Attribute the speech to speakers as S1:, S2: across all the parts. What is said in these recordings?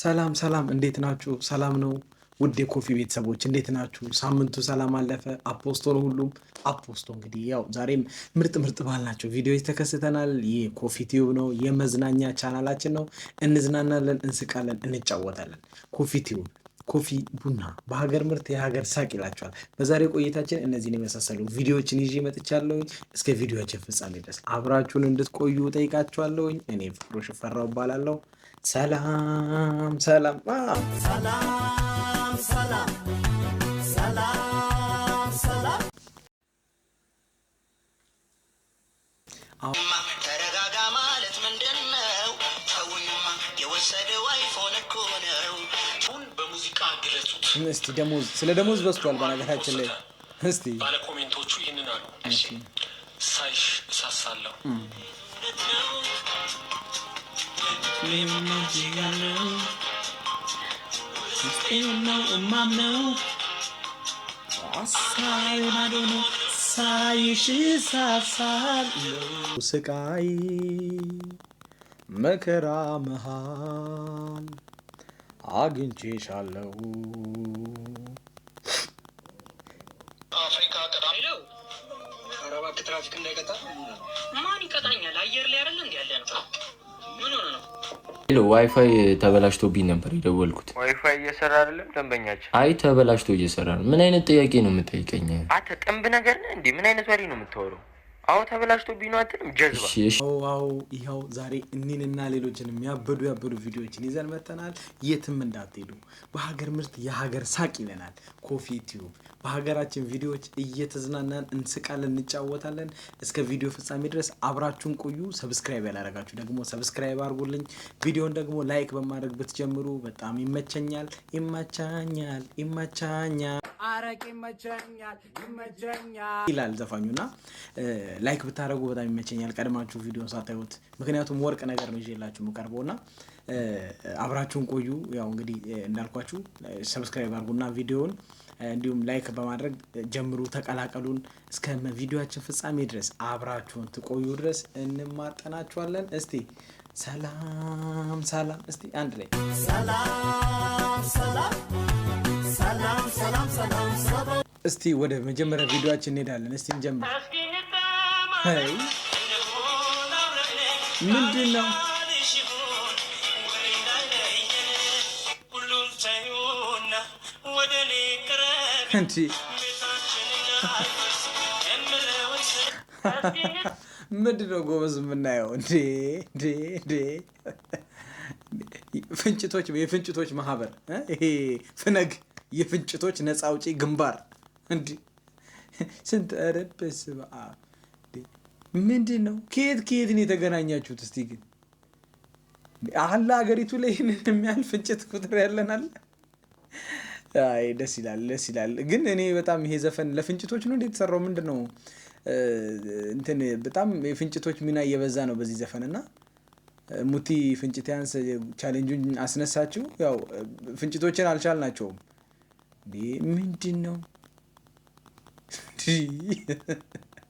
S1: ሰላም ሰላም፣ እንዴት ናችሁ? ሰላም ነው ውድ የኮፊ ቤተሰቦች እንዴት ናችሁ? ሳምንቱ ሰላም አለፈ። አፖስቶ ነው ሁሉም አፖስቶ። እንግዲህ ያው ዛሬም ምርጥ ምርጥ ባልናቸው ቪዲዮዎች ተከስተናል። ይህ ኮፊ ቲዩብ ነው፣ የመዝናኛ ቻናላችን ነው። እንዝናናለን፣ እንስቃለን፣ እንጫወታለን። ኮፊ ቲዩብ ኮፊ ቡና በሀገር ምርት የሀገር ሳቅ ይላቸዋል። በዛሬ ቆይታችን እነዚህን የመሳሰሉ ቪዲዮዎችን ይዤ መጥቻለሁ። እስከ ቪዲዮችን ፍጻሜ ድረስ አብራችሁን እንድትቆዩ ጠይቃችኋለሁኝ። እኔ ፍቅሮ ሽፈራው እባላለሁ። ሰላም ሰላም ሰላም
S2: ሰላም ሰላም ሰላም ተረጋጋ ማለት ምንድን ነው? ተውንማ የወሰደው አይፎን እኮ ነው። ሁን በሙዚቃ ግለጹት
S1: እስቲ። ደሞዝ ስለ ደሞዝ በስቷል። በነገራችን ላይ እስቲ
S2: ባለኮሜንቶቹ ይህንን አሉ። ሳይሽ እሳሳለሁ
S1: ነው ያለው ውስጤን ነው እማምነው ሳይ ማዶ ነው ሳይሽ ሳሳለው ስቃይ መከራ መሃል አግኝቼሻለው
S2: አፍሪካ ቀጣለው አረባት ትራፊክ እንዳይቀጣ ማን ይቀጣኛል? አየር ላይ አይደለ እንዲ ያለ ነው
S1: ሄሎ ዋይፋይ ተበላሽቶብኝ ነበር የደወልኩት።
S2: ዋይፋይ እየሰራ አይደለም ደንበኛችን።
S1: አይ ተበላሽቶ እየሰራ ነው። ምን አይነት ጥያቄ ነው የምጠይቀኝ?
S2: አንተ ጥንብ ነገር ነህ እንዴ? ምን አይነት ወሬ ነው የምታወራው? አዎ ተበላሽቶ ቢኗትንም ጀዝባ
S1: ዋው። ይኸው ዛሬ እኒንና ሌሎችን የሚያበዱ ያበዱ ቪዲዮዎችን ይዘን መጥተናል። የትም እንዳትሄዱ። በሀገር ምርት የሀገር ሳቅ ይለናል ኮፊ ቲዩብ። በሀገራችን ቪዲዮዎች እየተዝናናን እንስቃለን፣ እንጫወታለን። እስከ ቪዲዮ ፍጻሜ ድረስ አብራችሁን ቆዩ። ሰብስክራይብ ያላረጋችሁ ደግሞ ሰብስክራይብ አድርጉልኝ። ቪዲዮን ደግሞ ላይክ በማድረግ ብትጀምሩ በጣም ይመቸኛል። ይመቻኛል፣ ይመቻኛል፣
S2: አረቅ ይመቸኛል፣ ይመቸኛል
S1: ይላል ዘፋኙና ላይክ ብታደረጉ በጣም ይመቸኛል፣ ቀድማችሁ ቪዲዮን ሳታዩት። ምክንያቱም ወርቅ ነገር ነው ይዤላችሁ የምቀርበው እና አብራችሁን ቆዩ። ያው እንግዲህ እንዳልኳችሁ ሰብስክራይብ አድርጉና ቪዲዮውን እንዲሁም ላይክ በማድረግ ጀምሩ፣ ተቀላቀሉን። እስከ ቪዲዮችን ፍጻሜ ድረስ አብራችሁን ትቆዩ ድረስ እንማጠናችኋለን። እስቲ ሰላም ሰላም፣ እስቲ አንድ ላይ
S2: ሰላም ሰላም
S1: እስቲ ወደ መጀመሪያ ቪዲዮችን እንሄዳለን። እስቲ እንጀምር። ምንድን ነው? ምንድን ነው ጎበዝ የምናየው? ፍንጭቶች የፍንጭቶች ማህበር ይሄ ፍነግ የፍንጭቶች ነፃ አውጪ ግንባር እንዲህ ስንት ረበስ በአ ምንድን ነው? ከየት ከየት ነው የተገናኛችሁት? እስቲ ግን አለ ሀገሪቱ ላይ ይህንን የሚያልፍ እንጨት ቁጥር ያለናል። አይ ደስ ይላል፣ ደስ ይላል። ግን እኔ በጣም ይሄ ዘፈን ለፍንጭቶች ነው እንዴ የተሰራው? ምንድን ነው እንትን በጣም የፍንጭቶች ሚና እየበዛ ነው በዚህ ዘፈን እና ሙቲ ፍንጭት ያንስ ቻሌንጁን አስነሳችው። ያው ፍንጭቶችን አልቻልናቸውም። ምንድን ነው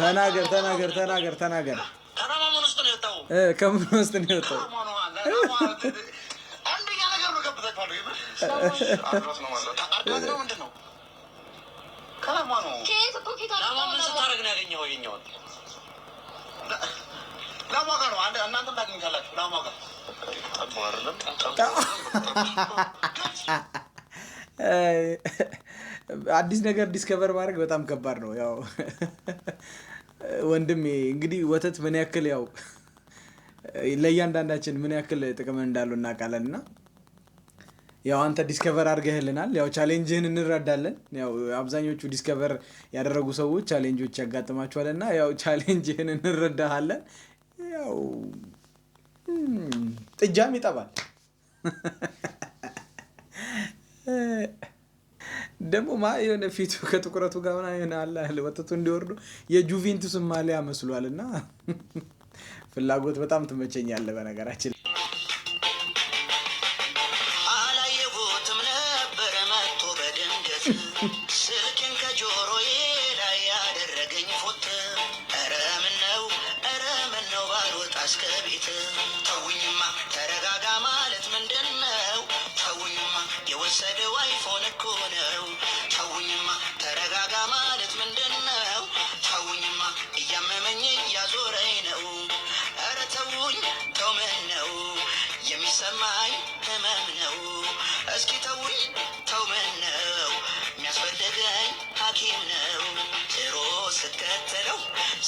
S1: ተናገር ተናገር ተናገር ተናገር። ከምን ውስጥ ነው የወጣው? ነው አዲስ ነገር ዲስከቨር ማድረግ በጣም ከባድ ነው። ያው ወንድሜ እንግዲህ ወተት ምን ያክል ያው ለእያንዳንዳችን ምን ያክል ጥቅምን እንዳሉ እናውቃለን እና ያው አንተ ዲስከቨር አድርገህልናል። ያው ቻሌንጅህን እንረዳለን። ያው አብዛኞቹ ዲስከቨር ያደረጉ ሰዎች ቻሌንጆች ያጋጥማቸኋል እና ያው ቻሌንጅህን እንረዳሃለን። ያው ጥጃም ይጠባል። ደግሞ ማ የሆነ ፊቱ ከትኩረቱ ጋር ምናምን የሆነ አላ ወጥቶ እንዲወርዱ የጁቬንቱስን ማሊያ መስሏል እና ፍላጎት በጣም ትመቸኛለህ በነገራችን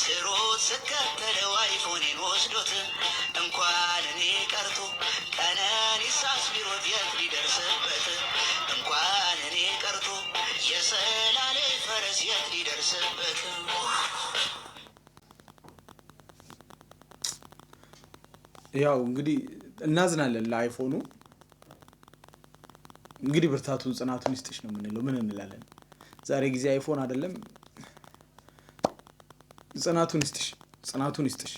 S1: ስሮት ስከተለው አይፎኔን ወስዶት እንኳን እኔ ቀርቶ ቀነኒሳስ ቢሮት የት ሊደርስበት እንኳን እኔ ቀርቶ የሰላሌ ፈረስ የት ሊደርስበት ያው እንግዲህ እናዝናለን ለአይፎኑ። እንግዲህ ብርታቱን ጽናቱን ይስጥሽ ነው የምንለው። ምን እንላለን? ዛሬ ጊዜ አይፎን አይደለም ጽናቱን ይስጥሽ፣ ጽናቱን ይስጥሽ።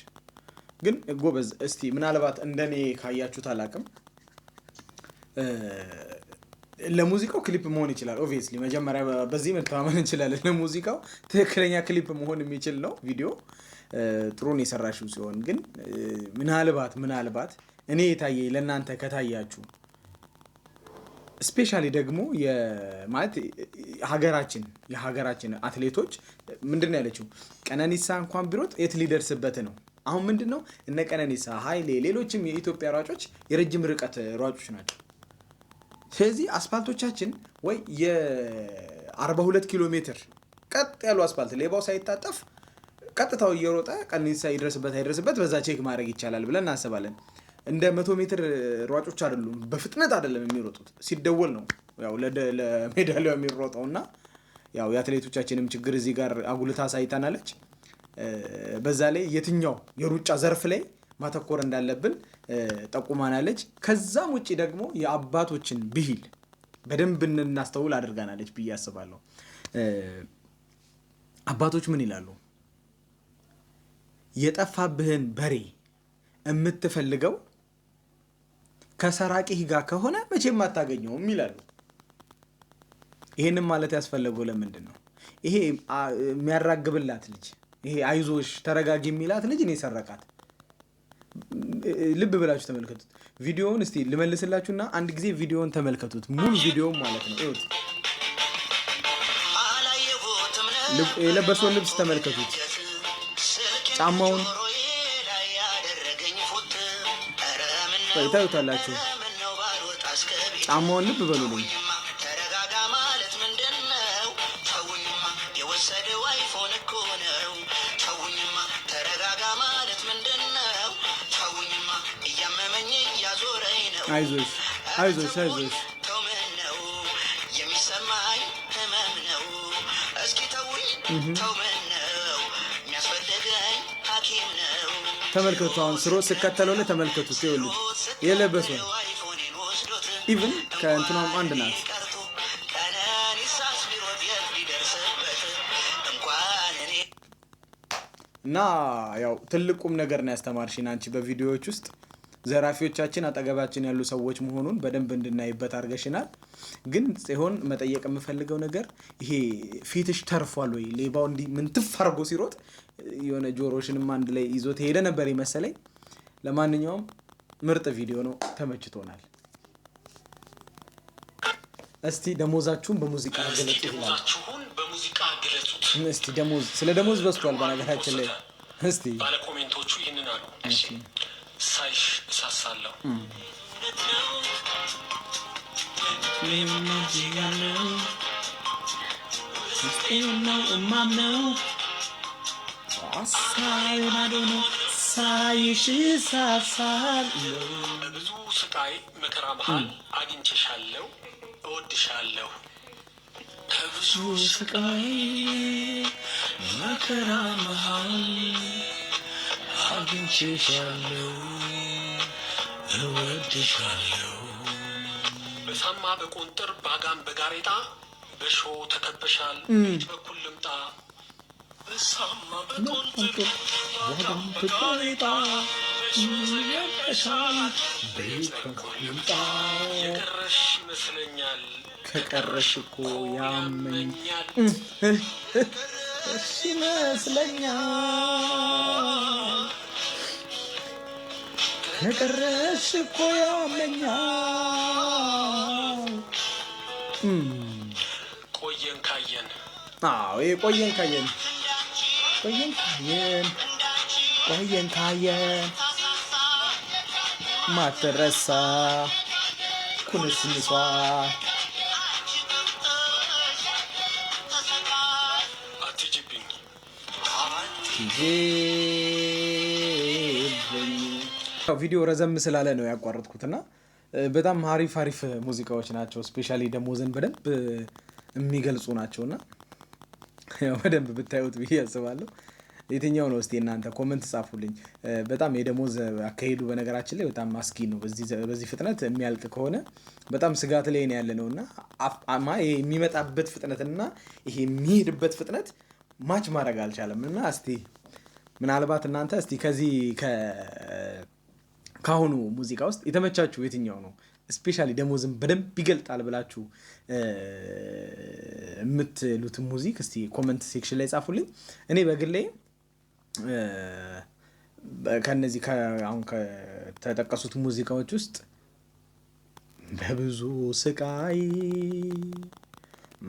S1: ግን ጎበዝ እስቲ ምናልባት እንደኔ ካያችሁት አላቅም ለሙዚቃው ክሊፕ መሆን ይችላል። ኦብቪየስሊ መጀመሪያ በዚህ መተማመን እንችላለን። ለሙዚቃው ትክክለኛ ክሊፕ መሆን የሚችል ነው ቪዲዮ ጥሩን የሰራሽው ሲሆን ግን ምናልባት ምናልባት እኔ የታየ ለእናንተ ከታያችሁ ስፔሻሊ ደግሞ ማለት ሀገራችን የሀገራችን አትሌቶች ምንድን ነው ያለችው? ቀነኒሳ እንኳን ቢሮጥ የት ሊደርስበት ነው? አሁን ምንድን ነው እነ ቀነኒሳ ሀይሌ፣ ሌሎችም የኢትዮጵያ ሯጮች የረጅም ርቀት ሯጮች ናቸው። ስለዚህ አስፓልቶቻችን ወይ የ42 ኪሎ ሜትር ቀጥ ያሉ አስፓልት ሌባው ሳይታጠፍ ቀጥታው እየሮጠ ቀነኒሳ ይደርስበት አይደርስበት በዛ ቼክ ማድረግ ይቻላል ብለን እናስባለን። እንደ መቶ ሜትር ሯጮች አይደሉም፣ በፍጥነት አይደለም የሚሮጡት፣ ሲደወል ነው ያው ለሜዳሊያው የሚሮጠው እና ያው የአትሌቶቻችንም ችግር እዚህ ጋር አጉልታ አሳይታናለች። በዛ ላይ የትኛው የሩጫ ዘርፍ ላይ ማተኮር እንዳለብን ጠቁማናለች። ከዛም ውጭ ደግሞ የአባቶችን ብሂል በደንብ እናስተውል አድርጋናለች ብዬ አስባለሁ። አባቶች ምን ይላሉ? የጠፋብህን በሬ የምትፈልገው ከሰራቂህ ጋር ከሆነ መቼም አታገኘውም ይላሉ። ይሄንም ማለት ያስፈለገው ለምንድን ነው? ይሄ የሚያራግብላት ልጅ ይሄ አይዞሽ ተረጋጊ የሚላት ልጅ እኔ ሰረቃት። ልብ ብላችሁ ተመልከቱት። ቪዲዮውን እስቲ ልመልስላችሁና አንድ ጊዜ ቪዲዮውን ተመልከቱት። ሙሉ ቪዲዮውን ማለት ነው። እዩት። የለበሰውን ልብስ ተመልከቱት። ጫማውን ታዩታላችሁ። ጫማውን ልብ በሉልኝ። ነው አይዞሽ አይዞሽ አይፎን ህመም ነው። እስኪ ተውኝ ተውመን ነው የሚያስፈልገኝ ሐኪም ነው። ተመልከቱ አሁን ስሮ ስከተለው ተመልከቱ ሲወልድ የለበሱ ኢቭን ከእንትኖም አንድ ናት። እና ያው ትልቁም ነገር ነው ያስተማርሽን አንቺ በቪዲዮዎች ውስጥ ዘራፊዎቻችን አጠገባችን ያሉ ሰዎች መሆኑን በደንብ እንድናይበት አድርገሽናል። ግን ሲሆን መጠየቅ የምፈልገው ነገር ይሄ ፊትሽ ተርፏል ወይ? ሌባው እንዲህ ምንትፍ አድርጎ ሲሮጥ የሆነ ጆሮሽንም አንድ ላይ ይዞ ተሄደ ነበር ይመሰለኝ። ለማንኛውም ምርጥ ቪዲዮ ነው፣ ተመችቶናል። እስቲ ደሞዛችሁን በሙዚቃ ገለጹ ይላል። ደሞዝ ስለ ደሞዝ በስቷል። በነገራችን ላይ እስቲ
S2: ባለኮሜንቶቹ ይህንን
S1: አሉ።
S2: ሳይሽ እሳሳለሁ ነው ሳይሽ ሳሳል በብዙ ስቃይ መከራ መሃል አግኝቼሻለሁ፣ እወድሻለሁ። ከብዙ ስቃይ መከራ መሃል አግኝቼሻለሁ፣
S1: እወድሻለሁ። በሳማ በቆንጥር ባጋም በጋሬጣ በሾ ተከበሻል። ቤት በኩል ልምጣ ከቀረሽ እኮ ያመኛል ይመስለኛል ከቀረሽ እኮ ያመኛል።
S2: ቆየን ካየን፣
S1: አዎ ቆየን ካየን ቆየን ካየን ቆየን ካየን ማትረሳ ኩንስንሷ ቪዲዮ ረዘም ስላለ ነው ያቋረጥኩትና በጣም አሪፍ አሪፍ ሙዚቃዎች ናቸው። ስፔሻሊ ደግሞ ዘን በደንብ የሚገልጹ ናቸውና በደንብ ብታዩት ብዬ ያስባለሁ። የትኛው ነው እስቲ እናንተ ኮመንት ጻፉልኝ። በጣም የደሞዝ አካሄዱ በነገራችን ላይ በጣም አስጊ ነው። በዚህ ፍጥነት የሚያልቅ ከሆነ በጣም ስጋት ላይ ነው ያለ ነው እና የሚመጣበት ፍጥነትና ይሄ የሚሄድበት ፍጥነት ማች ማድረግ አልቻለም እና እስቲ ምናልባት እናንተ እስቲ ከዚህ ከአሁኑ ሙዚቃ ውስጥ የተመቻችሁ የትኛው ነው? ስፔሻሊ ደሞዝም በደንብ ይገልጣል ብላችሁ የምትሉትን ሙዚክ እስቲ ኮመንት ሴክሽን ላይ ጻፉልኝ። እኔ በግሌ ከነዚህ አሁን ከተጠቀሱት ሙዚቃዎች ውስጥ በብዙ ስቃይ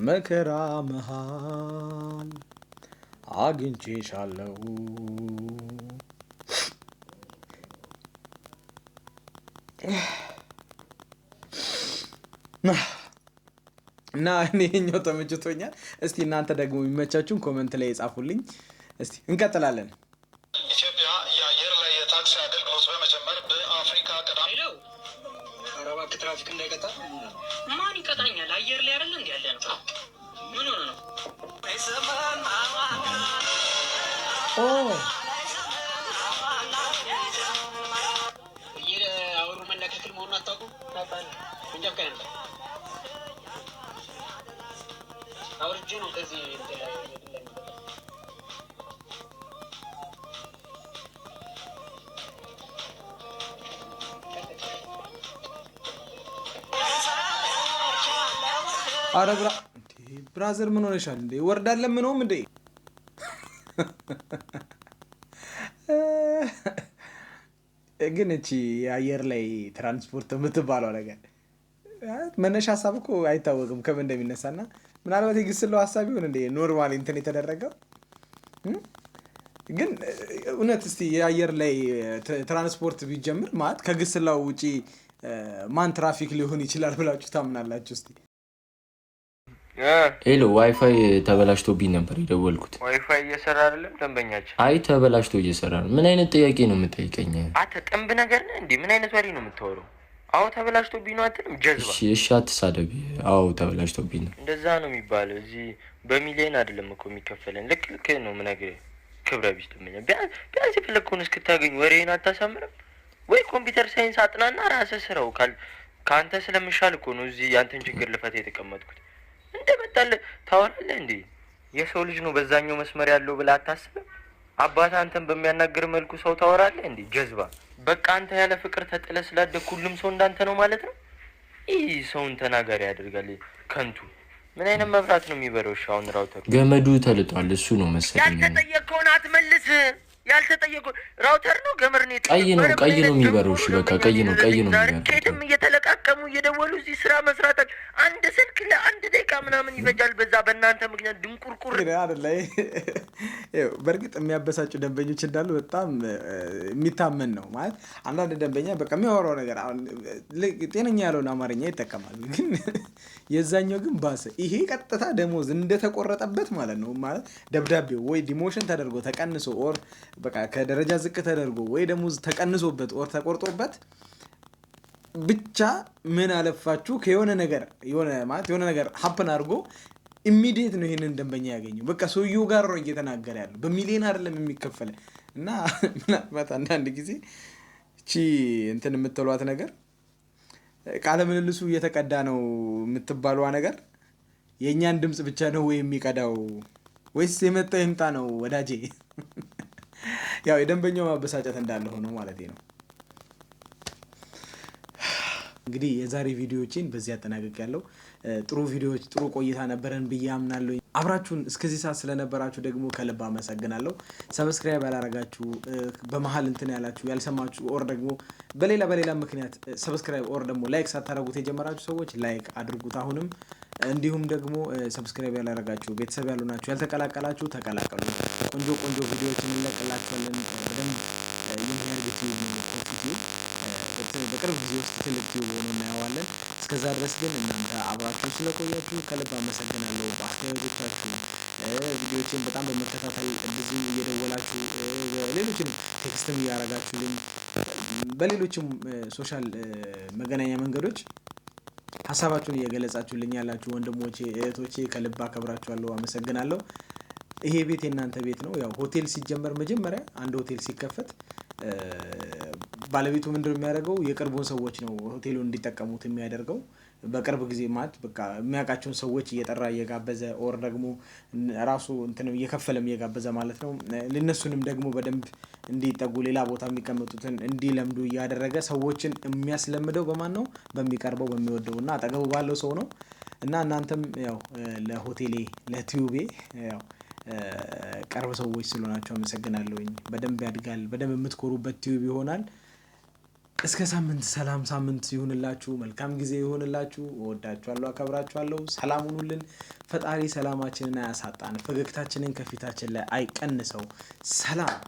S1: መከራ መሃል አግኝቼሻለሁ Yeah. እና እኔ ኛው ተመችቶኛል። እስቲ እናንተ ደግሞ የሚመቻችሁን ኮመንት ላይ የጻፉልኝ። እስቲ እንቀጥላለን። አረ ብራዘር ምን ሆነሻል እንዴ? ወርዳለን ምንም እንዴ? ግን እቺ የአየር ላይ ትራንስፖርት የምትባለው ነገር መነሻ ሀሳብ እኮ አይታወቅም ከምን እንደሚነሳ ና ምናልባት የግስለው ሀሳብ ይሁን እንደ ኖርማል እንትን የተደረገው ግን እውነት እስቲ የአየር ላይ ትራንስፖርት ቢጀምር ማለት ከግስላው ውጪ ማን ትራፊክ ሊሆን ይችላል ብላችሁ ታምናላችሁ? እስቲ ሄሎ ዋይፋይ ተበላሽቶብኝ ነበር የደወልኩት።
S2: ዋይፋይ እየሰራ አይደለም ደንበኛችን።
S1: አይ ተበላሽቶ እየሰራ ነው። ምን አይነት ጥያቄ ነው የምጠይቀኝ?
S2: አንተ ጥንብ ነገር ነህ እንዴ? ምን አይነት ወሬ ነው የምታወራው? አዎ ተበላሽቶብኝ ነው አትልም? ጀዝባ።
S1: እሺ እሺ፣ አትሳደብ። አዎ ተበላሽቶብኝ
S2: ነው። እንደዛ ነው የሚባለው። እዚህ በሚሊዮን አይደለም እኮ የሚከፈለን። ልክ ልክ ነው የምነግርህ። ክብረ ቢስ ደንበኛ። ቢያንስ የፈለግከውን እስክታገኝ ወሬን አታሳምርም ወይ? ኮምፒውተር ሳይንስ አጥናና ራስህ ስራው። ካንተ ስለምሻል እኮ ነው እዚህ ያንተን ችግር ልፈታ የተቀመጥኩት። እንደመጣለህ ታወራለህ እንዴ? የሰው ልጅ ነው በዛኛው መስመር ያለው ብለህ አታስብም? አባት አንተን በሚያናግር መልኩ ሰው ታወራለህ እንዴ? ጀዝባ በቃ አንተ ያለ ፍቅር ተጥለ ስላደግ ሁሉም ሰው እንዳንተ ነው ማለት ነው። ይህ ሰውን ተናጋሪ ያደርጋል። ከንቱ ምን አይነት መብራት ነው የሚበረው? ሻውን ራውተር
S1: ገመዱ ተልጧል። እሱ ነው መሰለኝ።
S2: ያልተጠየቅከውን አትመልስ። ያልተጠየቁ ራውተር ነው ገመር ነው
S1: ቀይ ነው ቀይ ነው የሚበረው የሚበሩሽ። በቃ ቀይ ነው ቀይ ነው
S2: ኬትም እየተለቃቀሙ እየደወሉ እዚህ ስራ መስራታቸው አንድ ስልክ ለአንድ ደቂቃ ምናምን ይበጃል። በዛ በእናንተ ምክንያት ድንቁርቁር
S1: አደለ። በእርግጥ የሚያበሳጩ ደንበኞች እንዳሉ በጣም የሚታመን ነው ማለት አንዳንድ ደንበኛ በቃ የሚያወራው ነገር አሁን ጤነኛ ያለውን አማርኛ ይጠቀማሉ። ግን የዛኛው ግን ባሰ። ይሄ ቀጥታ ደሞዝ እንደተቆረጠበት ማለት ነው ማለት ደብዳቤው ወይ ዲሞሽን ተደርጎ ተቀንሶ ኦር በቃ ከደረጃ ዝቅ ተደርጎ ወይ ደግሞ ተቀንሶበት ወር ተቆርጦበት ብቻ ምን አለፋችሁ ከሆነ ነገር የሆነ ማለት የሆነ ነገር ሀፕን አድርጎ ኢሚዲየት ነው ይህንን ደንበኛ ያገኘው። በቃ ሰውየው ጋር ነው እየተናገረ ያለ በሚሊዮን አይደለም የሚከፈለ እና ምናልባት አንዳንድ ጊዜ እቺ እንትን የምትሏት ነገር ቃለ ምልልሱ እየተቀዳ ነው የምትባሏ ነገር የእኛን ድምፅ ብቻ ነው ወይ የሚቀዳው? ወይስ የመጣ ይምጣ ነው ወዳጄ? ያው የደንበኛው ማበሳጨት እንዳለ ሆኖ ማለት ነው። እንግዲህ የዛሬ ቪዲዮዎችን በዚህ አጠናቀቅ ያለው ጥሩ ቪዲዮዎች ጥሩ ቆይታ ነበረን ብዬ አምናለሁ። አብራችሁን እስከዚህ ሰዓት ስለነበራችሁ ደግሞ ከልብ አመሰግናለሁ። ሰብስክራይብ ያላረጋችሁ በመሀል እንትን ያላችሁ ያልሰማችሁ፣ ኦር ደግሞ በሌላ በሌላ ምክንያት ሰብስክራይብ ኦር ደግሞ ላይክ ሳታደረጉት የጀመራችሁ ሰዎች ላይክ አድርጉት አሁንም እንዲሁም ደግሞ ሰብስክራይብ ያላረጋችሁ ቤተሰብ ያሉ ናችሁ ያልተቀላቀላችሁ ተቀላቀሉ። ቆንጆ ቆንጆ ቪዲዮዎች እንለቅላችኋለን። በደንብ የሚያርግ ቲዩብ በቅርብ ጊዜ ውስጥ ትልቅ ቲዩብ ሆኖ እናየዋለን። እስከዛ ድረስ ግን እናንተ አብራችሁ ስለቆያችሁ ከልብ አመሰግናለሁ። በአስተያየቶቻችሁ ቪዲዮችን በጣም በመከታተል ብዙ እየደወላችሁ ሌሎችም ቴክስትም እያረጋችሁልኝ በሌሎችም ሶሻል መገናኛ መንገዶች ሀሳባችሁን እየገለጻችሁልኝ ያላችሁ ወንድሞቼ እህቶቼ ከልብ አከብራችኋለሁ፣ አመሰግናለሁ። ይሄ ቤት የእናንተ ቤት ነው። ያው ሆቴል ሲጀመር መጀመሪያ አንድ ሆቴል ሲከፈት ባለቤቱ ምንድነው የሚያደርገው? የቅርቡን ሰዎች ነው ሆቴሉን እንዲጠቀሙት የሚያደርገው። በቅርብ ጊዜ ማለት በቃ የሚያውቃቸውን ሰዎች እየጠራ እየጋበዘ ኦር ደግሞ ራሱ እንትን እየከፈለም እየጋበዘ ማለት ነው። ልነሱንም ደግሞ በደንብ እንዲጠጉ ሌላ ቦታ የሚቀመጡትን እንዲለምዱ እያደረገ ሰዎችን የሚያስለምደው በማን ነው? በሚቀርበው በሚወደው እና አጠገቡ ባለው ሰው ነው። እና እናንተም ያው ለሆቴሌ ለቲዩቤ ያው ቅርብ ሰዎች ስለሆናቸው አመሰግናለሁኝ። በደንብ ያድጋል። በደንብ የምትኮሩበት ቲዩብ ይሆናል። እስከ ሳምንት ሰላም ሳምንት ይሁንላችሁ። መልካም ጊዜ ይሁንላችሁ። እወዳችኋለሁ፣ አከብራችኋለሁ። ሰላም ሁኑልን። ፈጣሪ ሰላማችንን አያሳጣን፣ ፈገግታችንን ከፊታችን ላይ አይቀንሰው። ሰላም